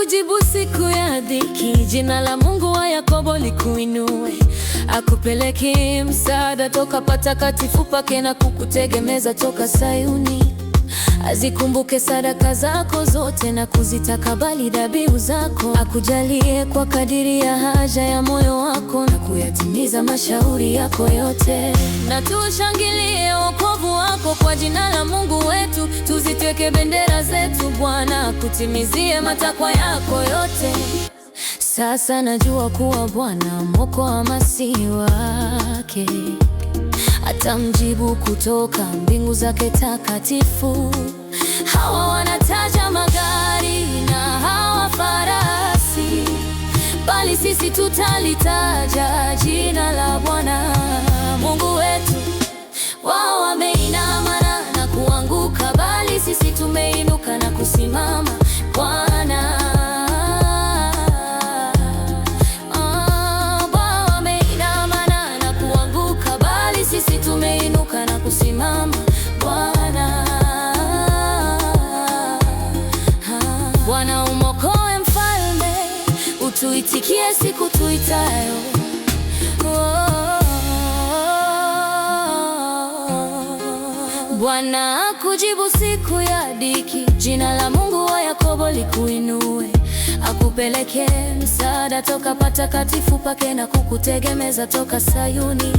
kujibu siku ya dhiki. Jina la Mungu wa Yakobo likuinue, akupeleke msaada toka patakatifu pake na kukutegemeza toka Sayuni. Azikumbuke sadaka zako zote na kuzitakabali dhabihu zako, akujalie kwa kadiri ya haja ya moyo wako na kuyatimiza mashauri yako yote. Na tushangilie wokovu wako kwa jina la Mungu wetu, tuzitweke bendera Bwana kutimizie matakwa yako yote. Sasa najua kuwa Bwana mwokoa masihi wake atamjibu kutoka mbingu zake takatifu. Hawa wanataja magari na hawa farasi, bali sisi tutalitaja jina la Bwana. tuitikie siku tuitayo. Oh. Bwana akujibu siku ya dhiki, jina la Mungu wa Yakobo likuinue, akupeleke msaada toka patakatifu pake na kukutegemeza toka Sayuni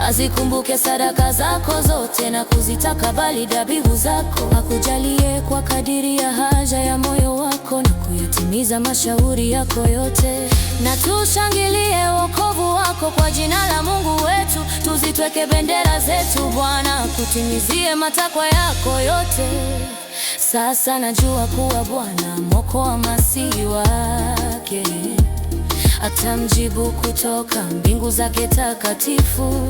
azikumbuke sadaka zako zote na kuzitakabali dhabihu zako, akujalie kwa kadiri ya haja ya moyo wako na kuyatimiza mashauri yako yote, na tushangilie wokovu wako kwa jina la Mungu wetu, tuzitweke bendera zetu Bwana, kutimizie matakwa yako yote. Sasa najua kuwa Bwana mwokoa masihi wake atamjibu kutoka mbingu zake takatifu.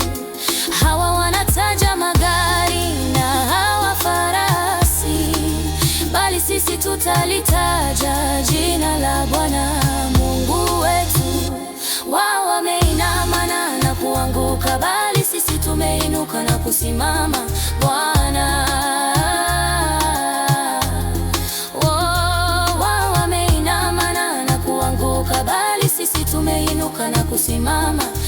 Hawa wanataja magari na hawa farasi, bali sisi tutalitaja jina la Bwana Mungu wetu. Wao wameinamana na kuanguka, bali sisi tumeinuka na kusimama Bwana kuinuka na kusimama